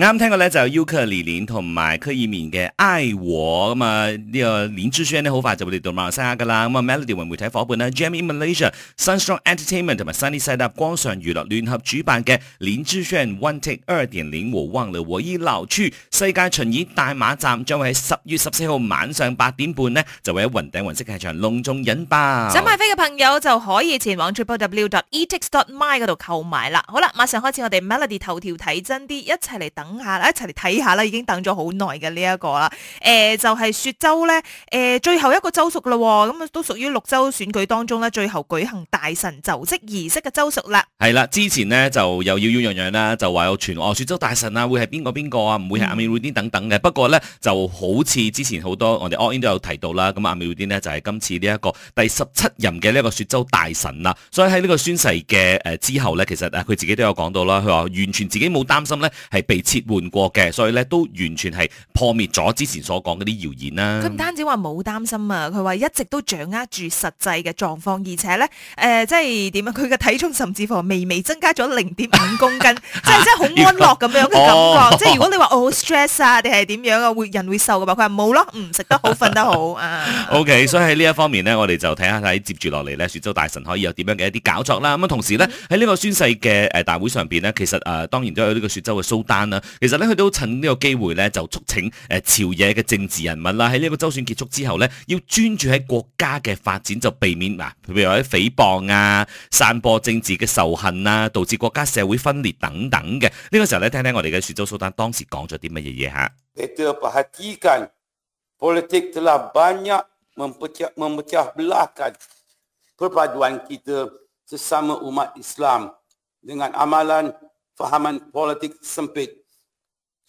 啱聽過呢，就 Uke 李玲同埋柯以敏嘅《和愛我》，咁啊，呢個林志炫好快就會嚟到馬來西亞㗎啦。咁、嗯、啊 Melody 雲媒體夥伴咧 Jam in Malaysia、Sunstrong Entertainment 同埋 Sunny Side Up 光尚娛樂聯合主辦嘅林志炫《One Take 二點零》，我忘了我已老去世界巡演大馬站，將會喺十月十四號晚上八點半呢，就會喺雲頂雲色劇場隆重引爆。想買飛嘅朋友就可以前往 www.etix.my 嗰度購買啦。好啦，馬上開始我哋 Melody 頭條睇真啲，一齊嚟等。等下啦，一齊嚟睇下啦，已經等咗好耐嘅呢一個啦。誒、呃，就係、是、雪州咧，誒、呃，最後一個州屬啦，咁啊，都屬於六州選舉當中咧，最後舉行大臣就職儀式嘅州屬啦。係啦，之前呢就又要要樣樣啦，就話有傳、哦、雪州大臣啊，會係邊個邊個啊？唔會係阿米魯丁等等嘅。不過咧，就好似之前好多我哋 o n 都有提到啦，咁阿米魯丁咧就係、是、今次呢一個第十七任嘅呢一個雪州大臣啦。所以喺呢個宣誓嘅誒、呃、之後咧，其實啊，佢自己都有講到啦，佢話完全自己冇擔心咧，係被換過嘅，所以咧都完全係破滅咗之前所講嗰啲謠言啦。佢唔單止話冇擔心啊，佢話一直都掌握住實際嘅狀況，而且咧誒，即係點啊？佢嘅體重甚至乎微微增加咗零點五公斤，即係真係好安樂咁樣嘅感覺。即係如果你話我好 stress 啊，定係點樣啊，會人會瘦嘅嘛？佢話冇咯，唔食得好，瞓得好啊。OK，所以喺呢一方面咧，我哋就睇下睇接住落嚟咧，雪州大臣可以有點樣嘅一啲搞作啦。咁啊，同時咧喺呢個宣誓嘅誒大會上邊咧，其實誒當然都有呢個雪州嘅蘇丹啦。其實呢佢都趁呢個機會呢就促請誒朝野嘅政治人物啦，喺呢個周選結束之後呢，要專注喺國家嘅發展，就避免嗱，譬如話喺誹謗啊、散播政治嘅仇恨啊，導致國家社會分裂等等嘅。呢個時候呢，聽聽我哋嘅樹州蘇丹當時講咗啲乜嘢嘢吓。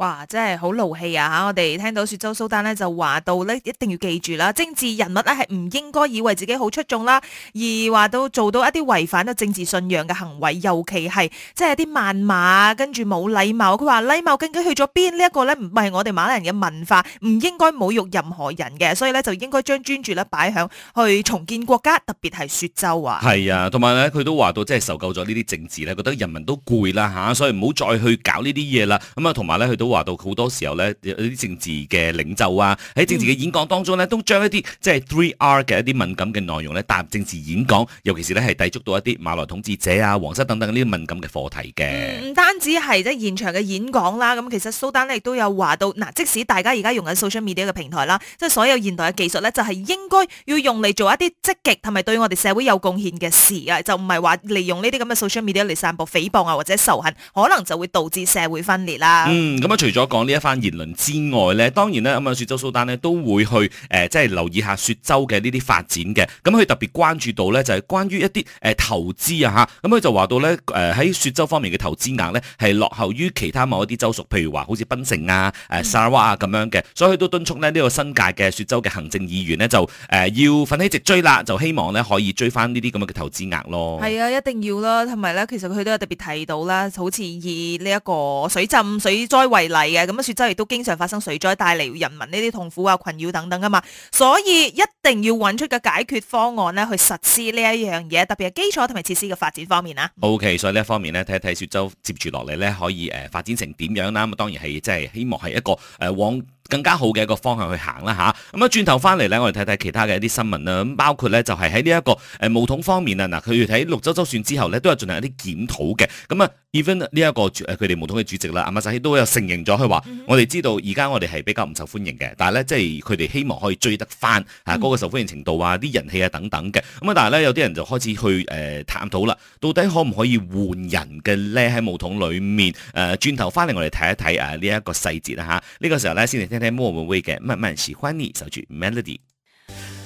哇！真係好勞氣啊嚇我哋聽到雪州蘇丹呢就話到呢一定要記住啦，政治人物咧係唔應該以為自己好出眾啦，而話到做到一啲違反咗政治信仰嘅行為，尤其係即係啲謾罵，跟住冇禮貌。佢話禮貌究竟去咗邊？呢、這、一個呢唔係我哋馬來人嘅文化，唔應該侮辱任何人嘅，所以呢，就應該將專注咧擺響去重建國家，特別係雪州啊。係啊，同埋呢，佢都話到即係受夠咗呢啲政治，覺得人民都攰啦嚇，所以唔好再去搞呢啲嘢啦。咁啊，同埋呢，去到。話到好多時候咧，有啲政治嘅領袖啊，喺政治嘅演講當中咧，都將一啲即係 three R 嘅一啲敏感嘅內容咧，踏入政治演講，尤其是咧係抵觸到一啲馬來統治者啊、皇室等等呢啲敏感嘅課題嘅。唔、嗯、單止係即係現場嘅演講啦，咁其實蘇丹咧亦都有話到，嗱，即使大家而家用緊 social media 嘅平台啦，即係所有現代嘅技術咧，就係應該要用嚟做一啲積極同埋對我哋社會有貢獻嘅事啊，就唔係話利用呢啲咁嘅 social media 嚟散播誹謗啊或者仇恨，可能就會導致社會分裂啦。嗯。嗯咁除咗講呢一番言論之外呢，當然呢，咁啊雪州蘇丹呢都會去、呃、即係留意下雪州嘅呢啲發展嘅。咁佢特別關注到呢，就係、是、關於一啲、呃、投資啊吓，咁佢就話到呢，喺、呃、雪州方面嘅投資額呢，係落後於其他某一啲州屬，譬如話好似檳城啊、呃、砂拉越啊咁樣嘅。所以佢都敦促呢、呢個新屆嘅雪州嘅行政議員呢，就、呃、要奮起直追啦，就希望呢可以追翻呢啲咁嘅投資額咯。係啊，一定要啦，同埋呢，其實佢都有特別提到啦，好似以呢一個水浸水災為嚟嘅咁啊，雪州亦都經常發生水災，帶嚟人民呢啲痛苦啊、困擾等等㗎嘛，所以一定要揾出個解決方案咧，去實施呢一樣嘢，特別係基礎同埋設施嘅發展方面啊。OK，所以呢一方面咧，睇一睇雪州接住落嚟咧，可以誒、呃、發展成點樣啦？咁啊，當然係即係希望係一個誒、呃、往。更加好嘅一個方向去行啦吓，咁啊轉頭翻嚟咧，我哋睇睇其他嘅一啲新聞啦，咁包括咧就係喺呢一個誒巫、呃、統方面啊，嗱佢哋喺六州州選之後咧，都有進行一啲檢討嘅。咁啊，even 呢一個佢哋巫統嘅主席啦，阿末扎希都有承認咗，佢話、嗯、我哋知道而家我哋係比較唔受歡迎嘅，但係咧即係佢哋希望可以追得翻啊嗰、那個受歡迎程度啊、啲人氣啊等等嘅。咁啊，但係咧有啲人就開始去誒、呃、探討啦，到底可唔可以換人嘅咧？喺巫統裏面誒，轉、呃、頭翻嚟我哋睇一睇啊呢一、這個細節啦嚇，呢、啊這個時候咧先嚟聽。在莫文蔚，慢慢喜歡你，小曲 melody。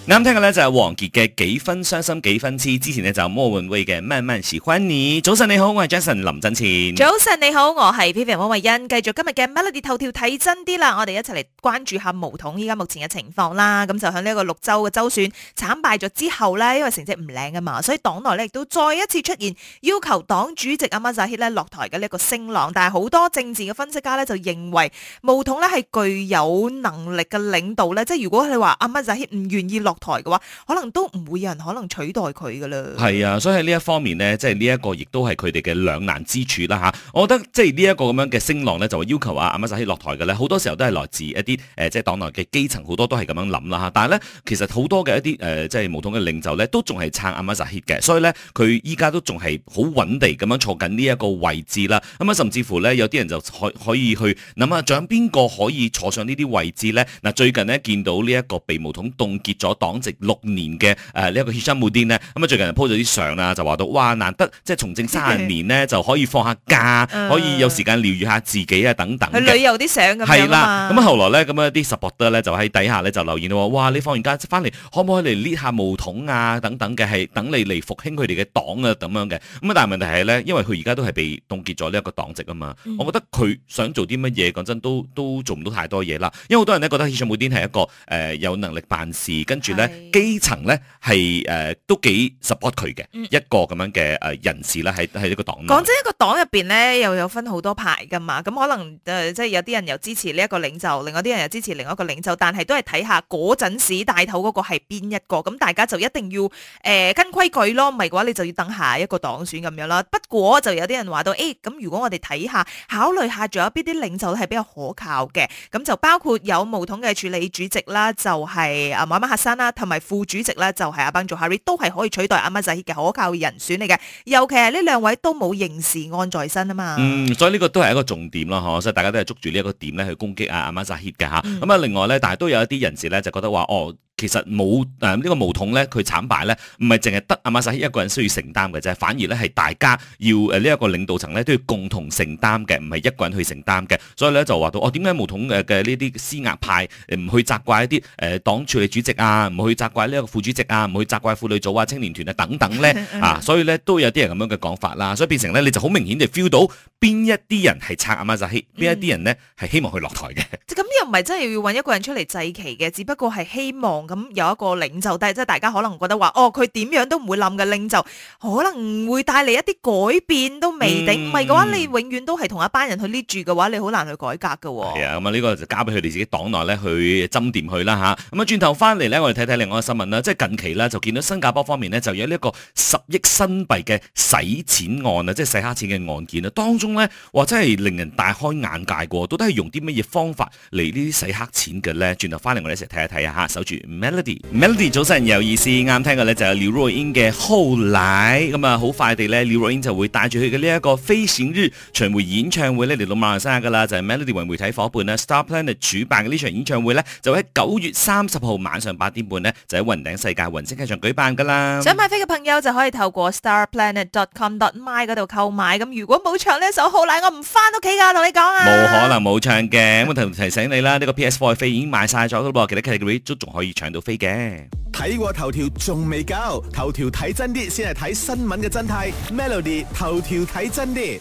啱、嗯、聽嘅咧就係王傑嘅幾分傷心幾分痴，之前呢，就莫文蔚嘅慢慢喜歡你。早晨你好，我係 Jason 林振前。早晨你好，我係 Perry 黃慧欣。繼續今日嘅 Melody 頭條睇真啲啦，我哋一齊嚟關注下巫統依家目前嘅情況啦。咁就響呢一個六州嘅州選慘敗咗之後呢，因為成績唔靚啊嘛，所以黨內呢亦都再一次出現要求黨主席阿馬扎希呢落台嘅呢一個聲浪。但係好多政治嘅分析家呢，就認為巫統呢係具有能力嘅領導呢。即、就、係、是、如果你話阿馬扎希唔願意落。台嘅話，可能都唔會有人可能取代佢噶啦。係啊，所以喺呢一方面呢，即係呢一個亦都係佢哋嘅兩難之處啦吓、啊。我覺得即係呢一個咁樣嘅聲浪呢，就會要求啊阿馬扎希落台嘅呢，好多時候都係來自一啲誒、呃，即係黨內嘅基層，好多都係咁樣諗啦吓。但係呢，其實好多嘅一啲誒、呃，即係巫統嘅領袖呢，都仲係撐阿馬扎希嘅，所以呢，佢依家都仲係好穩地咁樣坐緊呢一個位置啦。咁啊，甚至乎呢，有啲人就可可以去諗下，仲有邊個可以坐上呢啲位置呢？嗱、啊，最近呢，見到呢一個被巫統凍結咗。黨籍六年嘅誒、呃這個，呢一個希山慕丁咧，咁啊最近就 po 咗啲相啦，就話到哇難得即係從政卅年咧的就可以放下假，嗯、可以有時間療愈下自己啊等等，去旅遊啲相咁樣係啦，咁啊、嗯、後來咧咁啊啲 supporter 咧就喺底下咧就留言話哇你放完假翻嚟可唔可以嚟捏下毛筒啊等等嘅係等你嚟復興佢哋嘅黨啊咁樣嘅。咁啊但係問題係咧，因為佢而家都係被凍結咗呢一個黨籍啊嘛，嗯、我覺得佢想做啲乜嘢講真都都做唔到太多嘢啦，因為好多人咧覺得希山慕丁係一個誒、呃、有能力辦事跟住。咧基層咧係、呃、都幾 support 佢嘅、嗯、一個咁樣嘅人士咧，喺喺呢個黨。講真，一個黨入邊咧又有分好多派噶嘛，咁可能即係、呃就是、有啲人又支持呢一個領袖，另外啲人又支持另外一個領袖，但係都係睇下嗰陣時帶頭嗰個係邊一個，咁大家就一定要、呃、跟規矩咯，唔係嘅話你就要等下一個黨選咁樣啦。不過就有啲人話到，誒、欸、咁如果我哋睇下考慮下，仲有邊啲領袖係比較可靠嘅，咁就包括有毛統嘅處理主席啦，就係、是、阿馬馬哈山啦。同埋副主席咧，就係阿班做 Harry，都係可以取代阿 m a s 嘅可靠人選嚟嘅，尤其係呢兩位都冇刑事案在身啊嘛。嗯，所以呢個都係一個重點咯，嗬。所以大家都係捉住呢一個點咧去攻擊阿阿 m a s 嘅吓、嗯。咁啊，另外咧，但係都有一啲人士咧就覺得話哦。其實冇呢個巫統咧，佢慘敗咧，唔係淨係得阿馬扎希一個人需要承擔嘅啫，反而咧係大家要呢一個領導層咧都要共同承擔嘅，唔係一個人去承擔嘅。所以咧就話到哦，點解巫統嘅嘅呢啲施壓派唔去責怪一啲誒黨署理主席啊，唔去責怪呢一個副主席啊，唔去、啊、去責怪婦女組啊、青年團啊等等咧啊，啊？所以咧都有啲人咁樣嘅講法啦。所以變成咧你就好明顯地 feel 到邊一啲人係拆阿馬扎希，邊一啲人咧係希望佢落台嘅、嗯。就咁又唔係真係要搵一個人出嚟祭旗嘅，只不過係希望。咁有一個領袖，但係即大家可能覺得話，哦，佢點樣都唔會冧嘅領袖，可能會帶嚟一啲改變都未定，唔係嘅話，你永遠都係同一班人去匿住嘅話，你好難去改革㗎喎。啊，咁啊，呢個就交俾佢哋自己黨內咧去斟掂佢啦吓，咁啊，轉頭翻嚟咧，我哋睇睇另外一個新聞啦。即係近期呢，就見到新加坡方面呢，就有呢一個十億新幣嘅洗錢案啊，即係洗黑錢嘅案件啊，當中呢，哇真係令人大開眼界過，到底係用啲乜嘢方法嚟呢啲洗黑錢嘅咧？轉頭翻嚟我哋一齊睇一睇啊嚇，守住。Melody，Melody Mel 早晨有意思，啱聽嘅咧就係廖若英嘅《後來》嗯。咁啊好快地咧廖若英就會帶住佢嘅呢一個飛行日巡回演唱會咧嚟到馬來西亞噶啦，就係、是、Melody 為媒體伙伴咧 Star Planet 主辦嘅呢場演唱會咧，就喺九月三十號晚上八點半呢，就喺雲頂世界雲星劇場舉辦噶啦，想買飛嘅朋友就可以透過 Star Planet dot com dot my 嗰度購買，咁如果冇唱呢一首《後來》，我唔翻屋企噶，同你講啊，冇可能冇唱嘅，咁我提醒你啦，呢 個 PS Four 嘅飛已經賣晒咗啦，不過其他 category 都仲可以唱。上到飛嘅，睇過頭條仲未夠，頭條睇真啲先係睇新聞嘅真態。Melody，頭條睇真啲。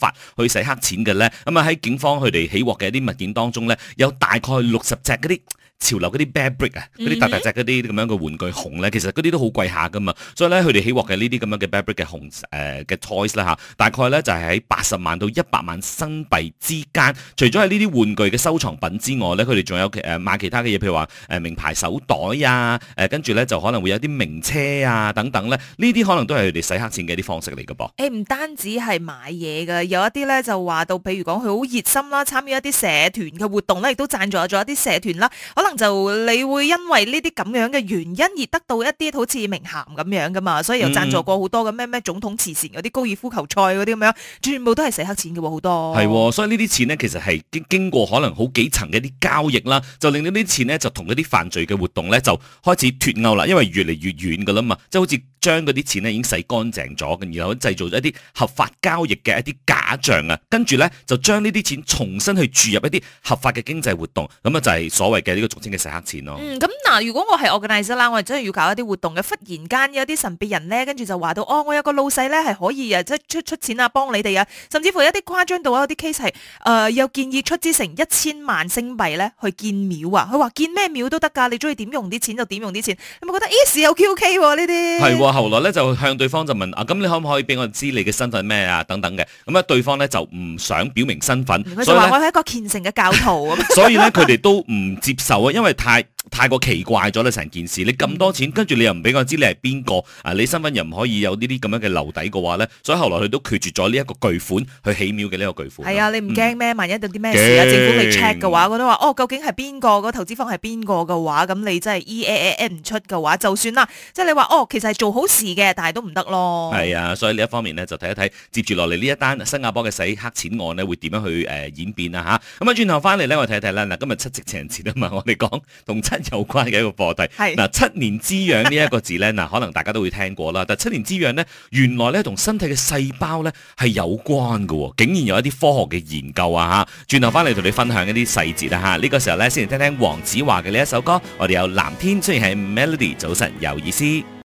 法去洗黑錢嘅咧，咁啊喺警方佢哋起獲嘅一啲物件當中咧，有大概六十隻嗰啲。潮流嗰啲 Bearbrick 啊，嗰啲大大隻嗰啲咁樣嘅玩具熊咧，其實嗰啲都好貴下噶嘛，所以咧佢哋起獲嘅呢啲咁樣嘅 Bearbrick 嘅熊誒嘅 toys 啦吓，呃、ys, 大概咧就係喺八十萬到一百萬新幣之間，除咗係呢啲玩具嘅收藏品之外咧，佢哋仲有誒買其他嘅嘢，譬如話誒名牌手袋啊，誒跟住咧就可能會有啲名車啊等等咧，呢啲可能都係佢哋洗黑錢嘅一啲方式嚟嘅噃。誒唔、欸、單止係買嘢嘅，有一啲咧就話到，譬如講佢好熱心啦，參與一啲社團嘅活動咧，亦都贊助咗一啲社團啦，可能。就你會因為呢啲咁樣嘅原因而得到一啲好似名銜咁樣噶嘛，所以又贊助過好多嘅咩咩總統慈善嗰啲高爾夫球賽嗰啲咁樣，全部都係洗黑錢嘅好多。係，所以呢啲錢咧其實係經經過可能好幾層嘅一啲交易啦，就令到呢啲錢咧就同一啲犯罪嘅活動咧就開始脫鈎啦，因為越嚟越遠噶啦嘛，即係好似將嗰啲錢咧已經洗乾淨咗，咁然後製造咗一啲合法交易嘅一啲假象啊，跟住咧就將呢啲錢重新去注入一啲合法嘅經濟活動，咁啊就係所謂嘅呢個。先嘅洗黑錢咯、啊。嗯，咁嗱，如果我係 organizer 啦，我係真係要搞一啲活動嘅。忽然間有啲神秘人咧，跟住就話到哦，我有個老細咧係可以啊，即係出出錢啊，幫你哋啊。甚至乎一啲誇張到啊，有啲 case 係誒、呃，又建議出資成一千萬星幣咧去建廟啊。佢話建咩廟都得㗎，你中意點用啲錢就點用啲錢。有冇覺得咦，事有蹊蹺呢啲？係。後來咧就向對方就問啊，咁你可唔可以俾我知你嘅身份咩啊？等等嘅。咁、嗯、啊，對方咧就唔想表明身份。佢、嗯、就話我係一個虔誠嘅教徒 所以咧呢，佢哋 都唔接受因為太。太過奇怪咗咧，成件事，你咁多錢，跟住你又唔俾我知你係邊個，啊，你身份又唔可以有呢啲咁樣嘅留底嘅話咧，所以後來佢都拒絕咗呢一個巨款去起廟嘅呢個巨款。係啊，你唔驚咩？嗯、萬一有啲咩事啊，怕政府去 check 嘅話，我都話哦，究竟係邊、個？嗰投資方係邊個嘅話，咁你真係 e A A 唔出嘅話，就算啦。即係你話哦，其實係做好事嘅，但係都唔得咯。係啊，所以呢一方面咧，就睇一睇接住落嚟呢一單新加坡嘅洗黑錢案咧，會點樣去誒、呃、演變啊吓，咁啊，轉頭翻嚟咧，我睇一睇啦。嗱，今日七夕情人節啊嘛，我哋講同七。有關嘅一個課題，係嗱是七年之癢呢一個字呢，嗱 可能大家都會聽過啦。但七年之癢呢，原來呢同身體嘅細胞呢係有關嘅，竟然有一啲科學嘅研究啊！吓，轉頭翻嚟同你分享一啲細節啦，吓呢、呢個時候呢，先嚟聽聽黃子華嘅呢一首歌，我哋有藍天雖然係 Melody 早晨有意思。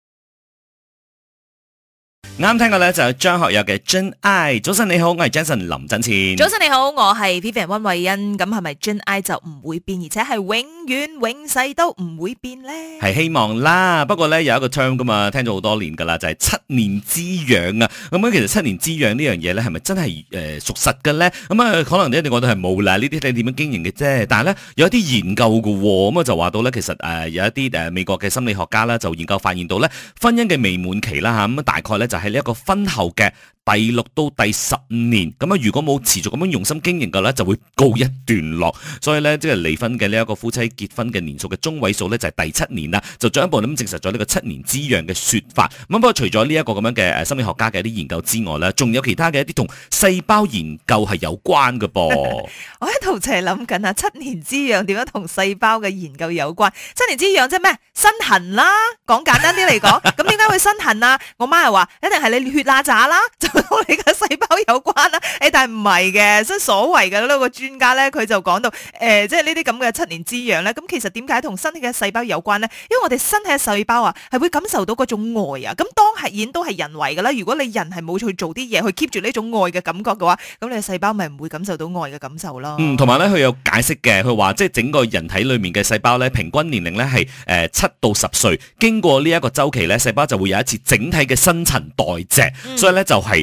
啱聽過咧就有張學友嘅真愛。早晨你好，我係 Jason 林振前。早晨你好，我係 Vivian 溫慧欣。咁係咪真愛就唔會變，而且係永遠永世都唔會變呢？係希望啦，不過呢，有一個 term 噶嘛，聽咗好多年噶啦，就係、是、七年之癢啊。咁、嗯、樣其實七年之癢呢樣嘢呢，係咪真係誒屬實嘅咧？咁、嗯、啊，可能你一定覺得係冇啦，呢啲你點樣經營嘅啫。但係呢，有一啲研究嘅、哦，咁、嗯、啊就話到呢，其實誒、呃、有一啲誒、呃、美國嘅心理學家啦，就研究發現到呢，婚姻嘅未滿期啦吓，咁、啊嗯、大概呢就係呢一個婚後嘅。第六到第十年咁樣，如果冇持續咁樣用心經營嘅咧，就會告一段落。所以咧，即係離婚嘅呢一個夫妻結婚嘅年數嘅中位數咧，就係第七年啦。就進一步咁證實咗呢個七年之癢嘅說法。咁不過除咗呢一個咁樣嘅誒心理學家嘅一啲研究之外咧，仲有其他嘅一啲同細胞研究係有關嘅噃。 我喺度就係諗緊啊，七年之癢點樣同細胞嘅研究有關？七年之癢即係咩？身痕啦，講簡單啲嚟講，咁點解會身痕啊？ 我媽又話，一定係你血那咋啦。我哋嘅你細胞有關啦，誒，但係唔係嘅，所以所謂嘅呢個專家咧，佢就講到誒，即係呢啲咁嘅七年之癢咧。咁其實點解同身體嘅細胞有關咧？因為我哋身體嘅細胞啊，係會感受到嗰種愛啊。咁當係演都係人為嘅啦。如果你人係冇去做啲嘢去 keep 住呢種愛嘅感覺嘅話，咁你細胞咪唔會感受到愛嘅感受咯。嗯，同埋咧，佢有解釋嘅，佢話即係整個人體裏面嘅細胞咧，平均年齡咧係誒七到十歲。經過呢一個週期咧，細胞就會有一次整體嘅新陳代謝，所以咧就係。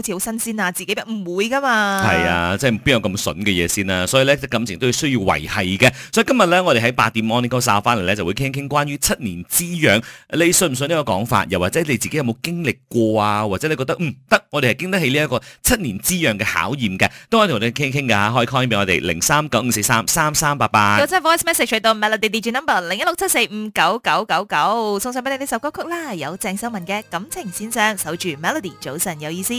好似好新鮮啊！自己唔會噶嘛，係啊，即係邊有咁筍嘅嘢先啦。所以咧，啲感情都要需要維係嘅。所以今日咧，我哋喺八點 Morning Call 撒翻嚟咧，就會傾傾關於七年之癢，你信唔信呢個講法？又或者你自己有冇經歷過啊？或者你覺得唔得，我哋係經得起呢一個七年之癢嘅考驗嘅，都可以同我哋傾傾㗎嚇。可以 call 俾我哋零三九五四三三三八八，或者 voice message 去到 melody D G number 零一六七四五九九九九，送上俾你呢首歌曲啦，有鄭秀文嘅《感情先生》，守住 melody，早晨有意思。